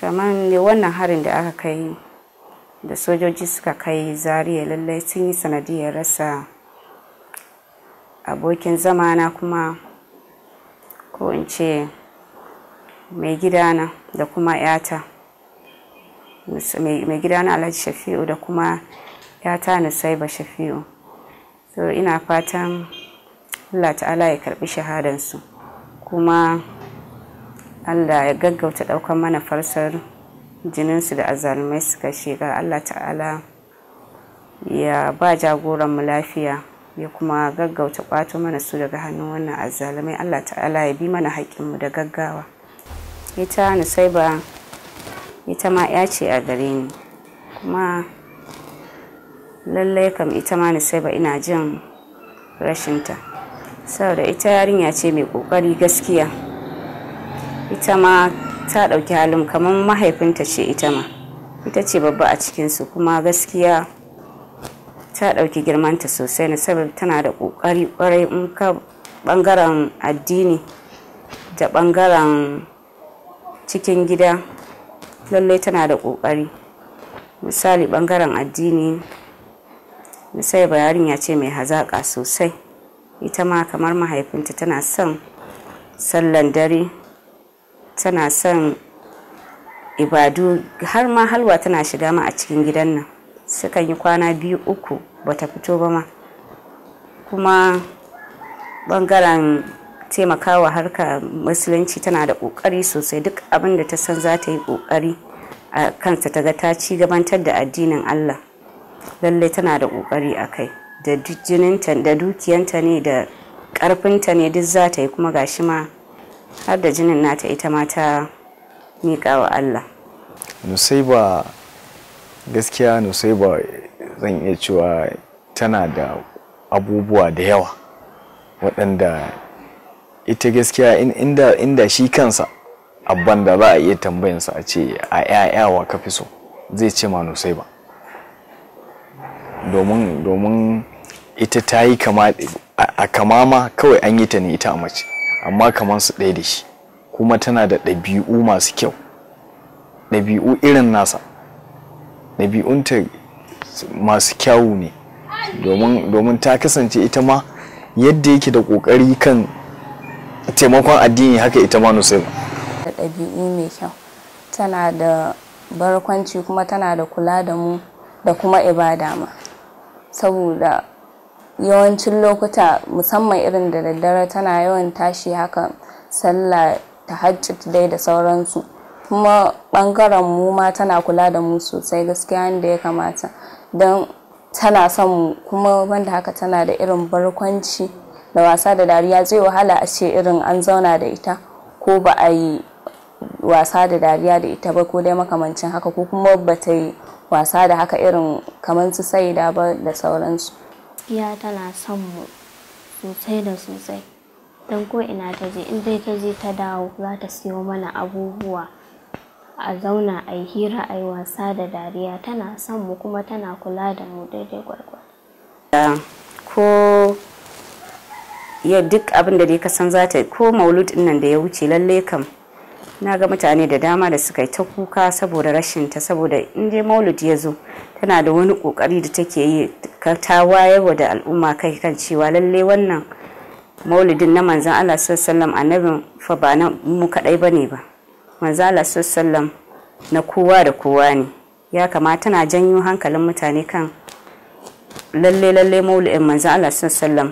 kamar wannan harin da aka kai da sojoji suka kai zariya lallai sun yi sanadiyar rasa abokin zamana kuma ko in ce mai gidana da kuma yata mai gidana alhaji shafi'u da kuma yata nusaiba shafi'u so ina fatan allah ala ya karbi shahadansu kuma Allah ya gaggauta ɗaukar mana farsar jininsu da azalmai suka shiga Allah ta'ala ya ba jagoranmu lafiya ya kuma gaggauta kwato mana su daga hannun wannan azalumai Allah ta'ala ya bi mana haƙƙinmu da gaggawa ita nusaiba ita ma ya ce a gare ni kuma lallai kam ita ma nusaiba ina jin rashinta saboda ita yarinya ce mai ƙoƙari gaskiya ita ma ta ɗauki halin kamar mahaifinta ce ita ma ita ce babba a cikinsu kuma gaskiya ta ɗauki girmanta sosai na saboda tana da ƙoƙari ƙwarai in ka ɓangaren addini da ɓangaren cikin gida lallai tana da ƙoƙari misali ɓangaren addini sai bayarin ya ce mai hazaƙa sosai ita ma kamar mahaifinta tana son sallan dare tana son ibadu har ma halwa tana shiga ma a cikin gidan nan sukan yi kwana biyu uku bata fito ba ma kuma bangaren taimakawa harka musulunci tana da kokari sosai duk abin da ta san za ta yi kokari a kansa ta ga ta ci gabantar da addinin allah lallai tana da kokari a kai da jininta da dukiyanta ne da karfinta ne duk za ta yi kuma gashi ma har da jinin nata ita ma ta miƙa wa Allah nusaiba gaskiya nusaiba zan iya cewa tana da abubuwa da yawa waɗanda ita gaskiya inda, shi kansa abban da za a iya tambayinsa a ce a yayawa ka fi so zai ce ma nusaiba domin domin ita ta yi kama a kamama kawai an yi ta ne ita a mace amma kamar su ɗaya da shi kuma tana da ɗabi'u masu kyau ɗabi'u irin nasa ɗabi'unta masu kyawu ne domin ta kasance ita ma yadda yake da ƙoƙari kan taimakon addini haka ita ma ba da ɗabi'u mai kyau tana da barkwanci kuma tana da kula da mu da kuma ibada ma saboda yawancin lokuta musamman irin da daddare tana yawan tashi haka sallah ta hajji dai da sauransu kuma bangaren mu ma tana kula da mu sosai gaskiya da ya kamata don tana son mu kuma wanda haka tana da irin barkwanci da wasa da dariya zai wahala a ce irin an zauna da ita ko ba a yi wasa da dariya da ita ba ko dai makamancin haka ko kuma ba ta yi wasa da haka irin kamar su sai da ba da sauransu gaskiya tana son mu sosai da sosai don ko ina ta je in dai ta je ta dawo za ta siyo mana abubuwa a zauna a yi hira a yi wasa da dariya tana son mu kuma tana kula da mu daidai gwargwado. ko ya duk abin da dai ka san za ta ko maulud nan da ya wuce lalle kam na ga mutane da dama da suka yi ta kuka saboda rashin ta saboda in dai maulid ya zo tana da wani kokari da take yi ta wayarwa da al'umma kai kan cewa lalle wannan maulidin na manzan Allah sallallahu annabin fa ba na mu kadai bane ba manzan Allah sallallahu na kowa da kowa ne ya kamata tana janyo hankalin mutane kan lalle lalle maulidin manzan Allah sallallahu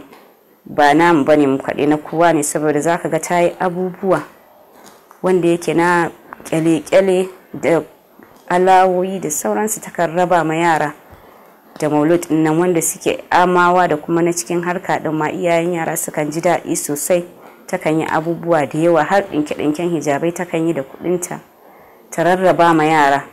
ba namu bane mu kadai na kowa ne saboda zaka ga ta yi abubuwa wanda yake na kyale-kyale da alawoyi da sauransu takan raba ma yara da maulud nan wanda suke amawa da kuma na cikin harka din ma iyayen yara sukan ji daɗi sosai takan yi abubuwa da yawa har ɗinke-ɗinken hijabai takan yi da kuɗinta ta rarraba ma yara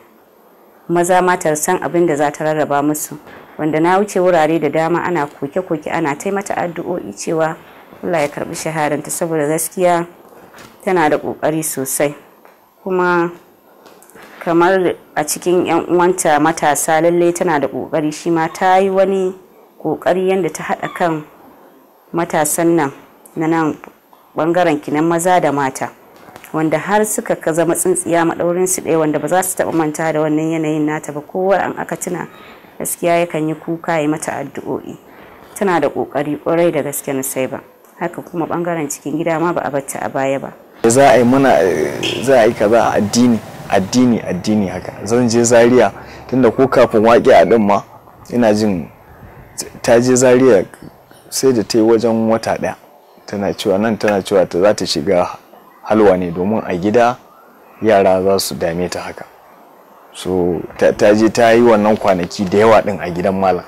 maza matar san abin da za ta rarraba musu wanda na wuce wurare da dama ana koke-koke ana taimata addu'o'i cewa Allah ya karbi shaharanta saboda gaskiya tana da kokari sosai kuma kamar a cikin 'yan uwanta matasa lallai tana da kokari shi ma ta yi wani ƙoƙari yadda ta haɗa kan matasan nan na nan ɓangaren kinan maza da mata wanda har suka ka zama tsintsiya maɗaurin su ɗaya wanda ba za su taɓa manta da wannan yanayin nata ba kowa an aka tuna gaskiya yakan yi kuka ya mata addu'o'i tana da ƙoƙari ƙwarai da gaske na sai ba haka kuma ɓangaren cikin gida ma ba a batta a baya ba za a yi mana za a yi kaza a addini addini addini haka zan je zaria tunda ko kafin waƙe a din ma ina jin ta je zaria sai da ta yi wajen wata ɗaya tana cewa nan tana cewa ta za ta shiga halwa ne domin a gida yara za su dame ta haka so ta je ta yi wannan kwanaki da yawa din a gidan malam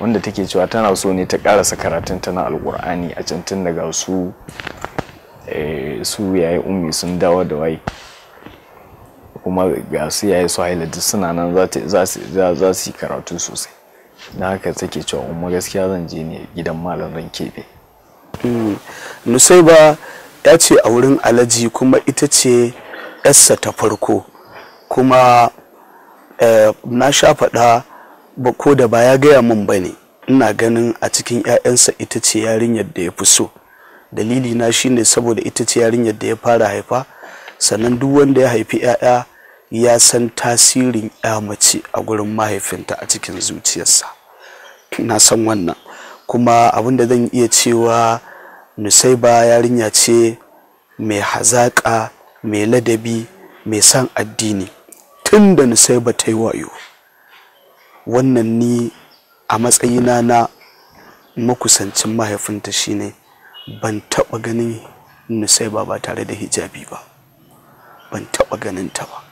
wanda take cewa tana so ne ta karasa karatun tana alkur'ani a can tun daga su Eh, su yayi ummi sun dawo da wai kuma ga su yayi su haila suna nan za su yi karatu sosai na haka take cewa umma gaskiya zan je ne gidan malam zan keɓe hmm. nusaiba ya ce a wurin alaji kuma ita ce yarsa ta farko kuma eh, na sha faɗa ba ko da ba ya gaya min ba ne ina ganin a cikin 'ya'yansa ita ce yarinyar da ya fi so dalili na shine saboda ita ce yarinyar da ya fara haifa sannan duk wanda ya haifi 'ya'ya ya san tasirin 'ya mace a gurin mahaifinta a cikin zuciyarsa na san wannan kuma abin da zan iya cewa nusaiba yarinya ce mai hazaƙa mai ladabi mai san addini tun da nusaiba ta yi wayo wannan ni a matsayina na makusancin mahaifinta shine ban taɓa ganin nusaiba ba tare da hijabi ba ban taɓa ganin ta ba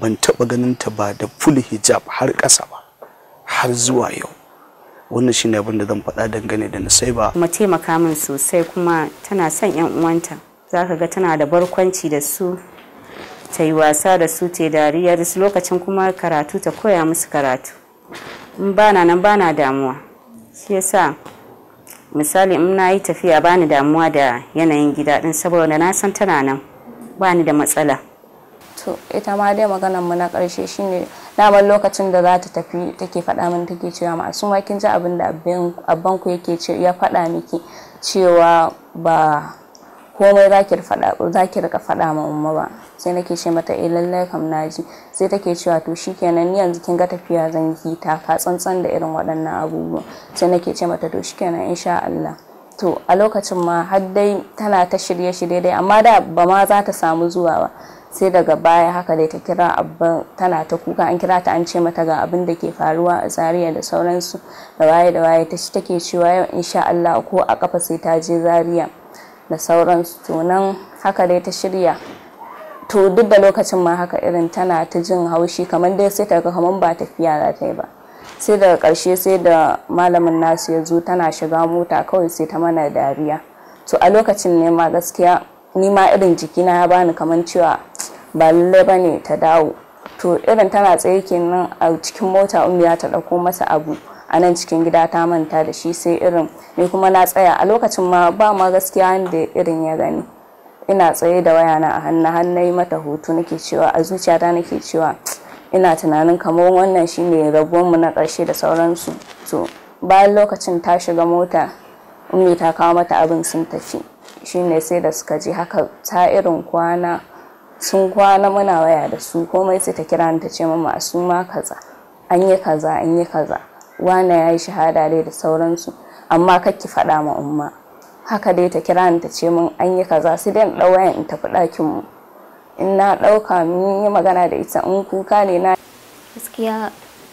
ban taba ganin ta ba da full hijab har ƙasa ba har zuwa yau wannan shine abin da zan faɗa dangane da nusaiba kuma taimaka min sosai kuma tana son yan uwanta zaka ga tana da barkwanci da su ta yi wasa da su ta dariya da su lokacin kuma karatu ta koya musu karatu in bana nan bana damuwa shi yasa misali in na yi tafiya bani damuwa da yanayin gida din saboda na san tana nan bani da matsala to ita ma dai maganar mu na karshe shine daman lokacin da za ta tafi take faɗa min take cewa ma su ma kin ji abin da abban ku yake ce ya faɗa miki cewa ba komai ki faɗa ki rika faɗa ma umma ba sai nake ce mata eh lallai kam naji sai take cewa to shikenan ni yanzu kin ga tafiya zan yi ta ka tsantsan da irin waɗannan abubuwa sai nake ce mata to shikenan insha Allah to a lokacin ma har dai tana ta shirye shirye dai amma da ba ma za ta samu zuwa ba sai daga baya haka dai ta kira abba tana ta kuka an kira ta an ce mata ga abin da ke faruwa a zariya da sauransu da waye da waye ta take cewa yau insha Allah ko a kafa sai ta je zariya da sauransu tunan haka dai ta shirya to duk da lokacin ma haka irin tana ta jin haushi kamar dai sai ta ga kamar ba tafiya za ta yi ba sai daga karshe sai da malamin nasu ya zo tana shiga mota kawai sai ta mana dariya to a lokacin ne ma gaskiya ni ma irin jikina ya bani kamar cewa ba lalle ba ne ta dawo to irin tana tsaye kenan a cikin mota umiya ta ɗauko masa abu a nan cikin gida ta manta da shi sai irin ni kuma na tsaya a lokacin ma ba ma gaskiya da irin ya gani ina tsaye da wayana a hannu yi mata hutu nake cewa a zuciyata nake cewa ina tunanin kamar wannan shine mu na ƙarshe da sauransu to bayan lokacin ta shiga mota ummi ta kawo mata abin sun tafi shine sai da suka je haka ta irin kwana sun kwana muna waya da su komai sai ta kira ta ce mama su ma kaza an yi kaza an yi kaza wane ya yi shahada dai da sauransu amma kakki faɗa ma umma haka dai ta kira ni ta ce mun an yi kaza sai dai ɗau in tafi ɗakin mu in na ɗauka mun yi magana da ita in kuka ne na gaskiya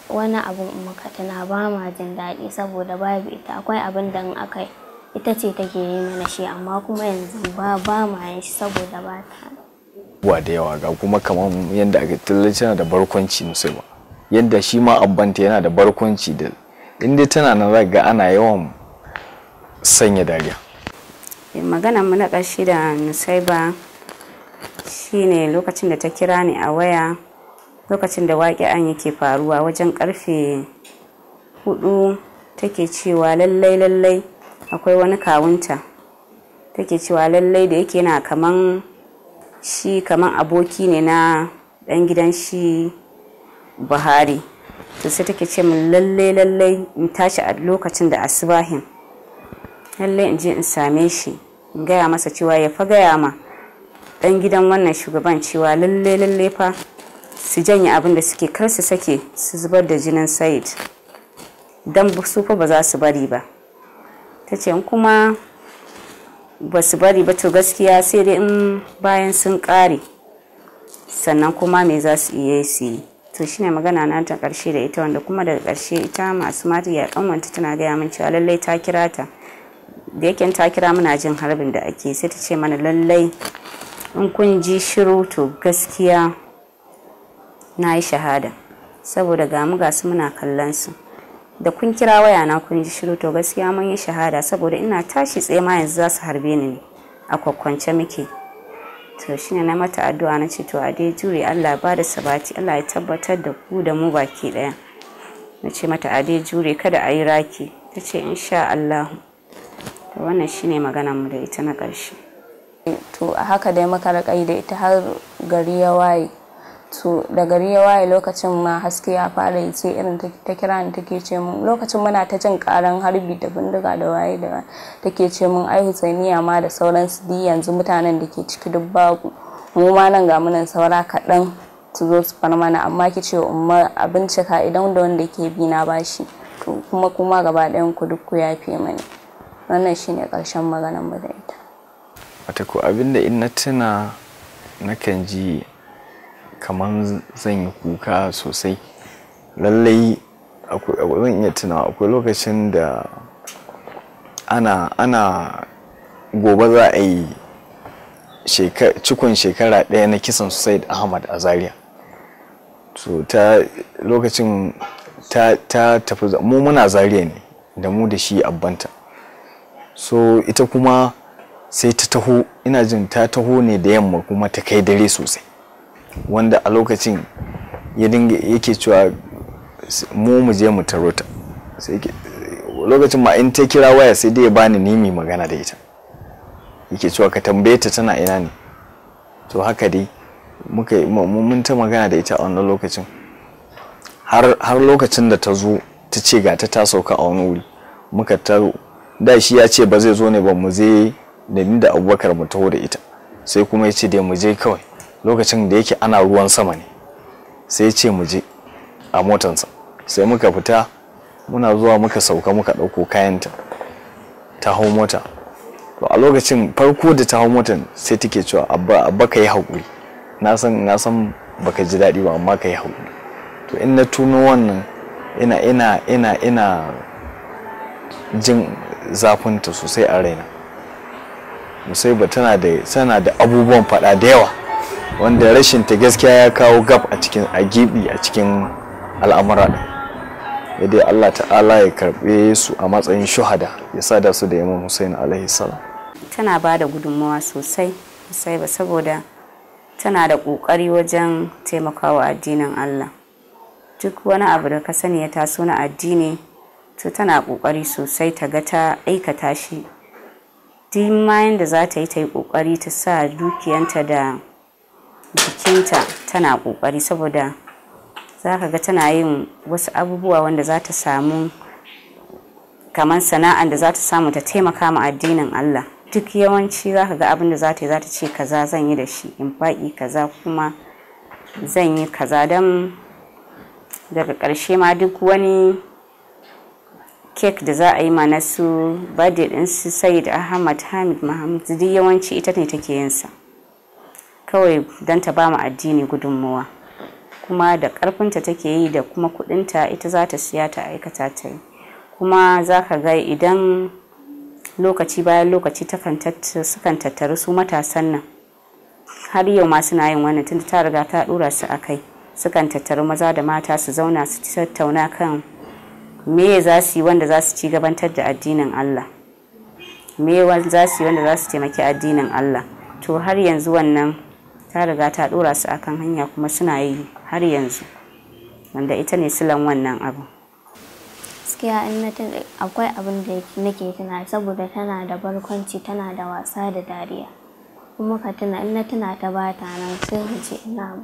wani abun ka tana ba ma jin daɗi saboda babu ita akwai abin da in aka ita ce take yi mana shi amma kuma yanzu ba ba ma yin shi saboda ba ta wa da yawa ga kuma kamar yadda aka tana da barkwanci musulma yadda shi ma abbanta yana da barkwanci da inda tana nan ga ana yawan sanya dariya eh, magana mu na ƙarshe da nusaiba shine lokacin da ta kira ni a waya lokacin da an yake faruwa wajen karfe hudu take cewa lallai lallai akwai wani kawunta take cewa lallai da yake na kaman shi kaman aboki ne na ɗan gidan shi buhari to sai take ce min lalle lalle in tashi a lokacin da asubahin lalle in je in same shi in gaya masa cewa ya fa gaya ma dan gidan wannan shugaban cewa lalle lalle fa su janye abin da suke kar su sake su zubar da jinin said dan su fa ba za su bari ba ta ce kuma ba su bari ba to gaskiya sai dai in bayan sun kare sannan kuma me za su iya su yi to shine magana na ta karshe da ita wanda kuma daga karshe ita masu mata ya kanwanta tana gaya min cewa lallai ta kira ta da yake ta kira muna jin harbin da ake sai ta ce mana lallai in kun ji shiru to gaskiya na yi shahada saboda ga mu gasu muna kallon su da kun kira waya na kun ji shiru to gaskiya mun yi shahada saboda ina tashi tsaye ma yanzu za su harbe ni a kwakwance muke to ne na mata addu'a na ce to a dai jure Allah ba da sabati Allah ya tabbatar da ku da mu baki daya na ce mata a dai jure kada a yi raki ta ce insha Allah to wannan shine maganar mu da ita na ƙarshe to haka dai maka da ita har gari ya waye to da gari ya waye lokacin ma haske ya fara yi ce irin ta kira ni take ce mun lokacin muna ta jin karan harbi da bindiga da waye da take ce mun ai husainiya ma da sauran su di yanzu mutanen da ke ciki duk babu mu ma nan ga munan saura kaɗan su zo su far mana amma ki ce umma abinci bincika idan da wanda ke bi na bashi to kuma kuma gaba ɗayan ku duk ku yafe mani wannan shine karshen maganar mu da ita wata ko abinda in na tuna nakan ji kaman zan yi kuka sosai lallai zan iya tuna akwai lokacin da ana ana gobe za a yi cikon shekara ɗaya na kisan Said Ahmad a Zaria. So ta lokacin ta tafi mu muna Zaria ne da mu da shi abbanta. So ita kuma sai ta taho ina jin ta taho ne da yamma kuma ta kai dare sosai. wanda a lokacin ya dinga yake cewa mu mu je mu taro ta lokacin ma in ta kira waya sai dai ya bani nimi magana da ita yake cewa ka tambaye ta tana ina ne to haka dai muka mun ta magana da ita a wannan lokacin har lokacin da ta zo ta ce ga ta ta sauka a wani wuri muka ta da shi ya ce ba zai zo ne ba mu je da ni da abubakar mu taho da ita sai kuma ya ce da mu je kawai lokacin da yake ana ruwan sama ne sai ya ce mu je a motansa sai muka fita muna zuwa muka sauka muka ɗauko kayanta ta hau mota to a lokacin farko da ta hau motan sai take cewa abba abba ka yi na san na san baka ji daɗi ba amma kai yi to in na tuno wannan ina ina ina ina jin zafinta sosai a raina musai ba tana da abubuwan faɗa da yawa wanda rashin ta gaskiya ya kawo gab a cikin a a cikin al'amura din ya dai Allah ta'ala ya karɓe su a matsayin shuhada ya sada su da Imam Hussein alaihi salam tana ba da gudunmawa sosai sai ba saboda tana da ƙoƙari wajen taimakawa addinin Allah duk wani abu da ka sani ya taso na addini to tana ƙoƙari sosai ta ga ta aikata shi duk ma da za ta yi ta yi ƙoƙari ta sa dukiyanta da jikinta tana ƙoƙari saboda za ka ga tana yin wasu abubuwa wanda za ta samu kamar sana'ar da za ta samu ta taimaka ma addinin Allah duk yawanci za ka ga abin da za ta yi za ta ce kaza zan yi da shi in faɗi kaza kuma zan yi kaza don daga ƙarshe ma duk wani kek da za a yi ma na su birthday ɗin su sayid ahmad hamid mahamud duk yawanci ita ne take yinsa kawai don ta ba mu addini gudunmuwa kuma da karfinta take yi da kuma kuɗinta ita za ta siya ta aikata ta yi kuma za ka ga idan lokaci bayan lokaci sukan tattaru su matasan nan har yau ma suna yin wannan tunda ta riga ta ɗora su a kai sukan tattaru maza da mata su zauna su tattauna kan me za su yi wanda za su ci gabantar da addinin Allah me za su yi wanda za su taimaki addinin Allah to har yanzu wannan ta riga ta dora su akan hanya kuma suna yi har yanzu wanda ita ne silan wannan abu gaskiya in na akwai abin da nake tuna saboda tana da barkwanci tana da wasa da dariya kuma ka tuna in na tuna ta ba ta nan sai ka ce ina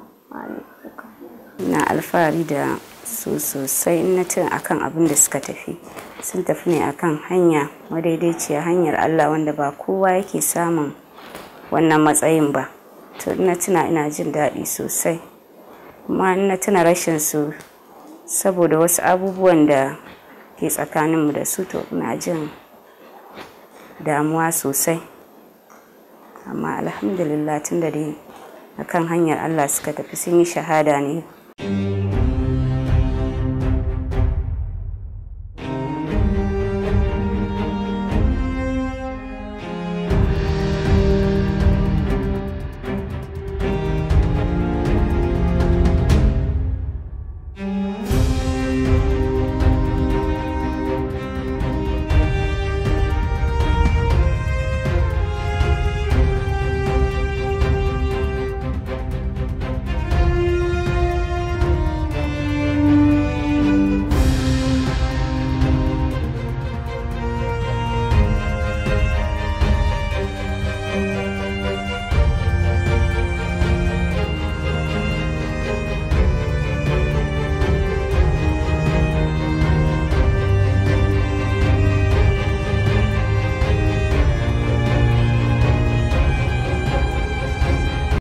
na alfahari da su sosai in na tuna akan abin da suka tafi sun tafi ne akan hanya madaidaiciya hanyar Allah wanda ba kowa yake samun wannan matsayin ba na tuna ina jin daɗi sosai amma na tuna rashin su saboda wasu abubuwan da ke tsakaninmu da su to ina jin damuwa sosai amma alhamdulillah tun da dai kan hanyar allah suka tafi sun yi shahada ne.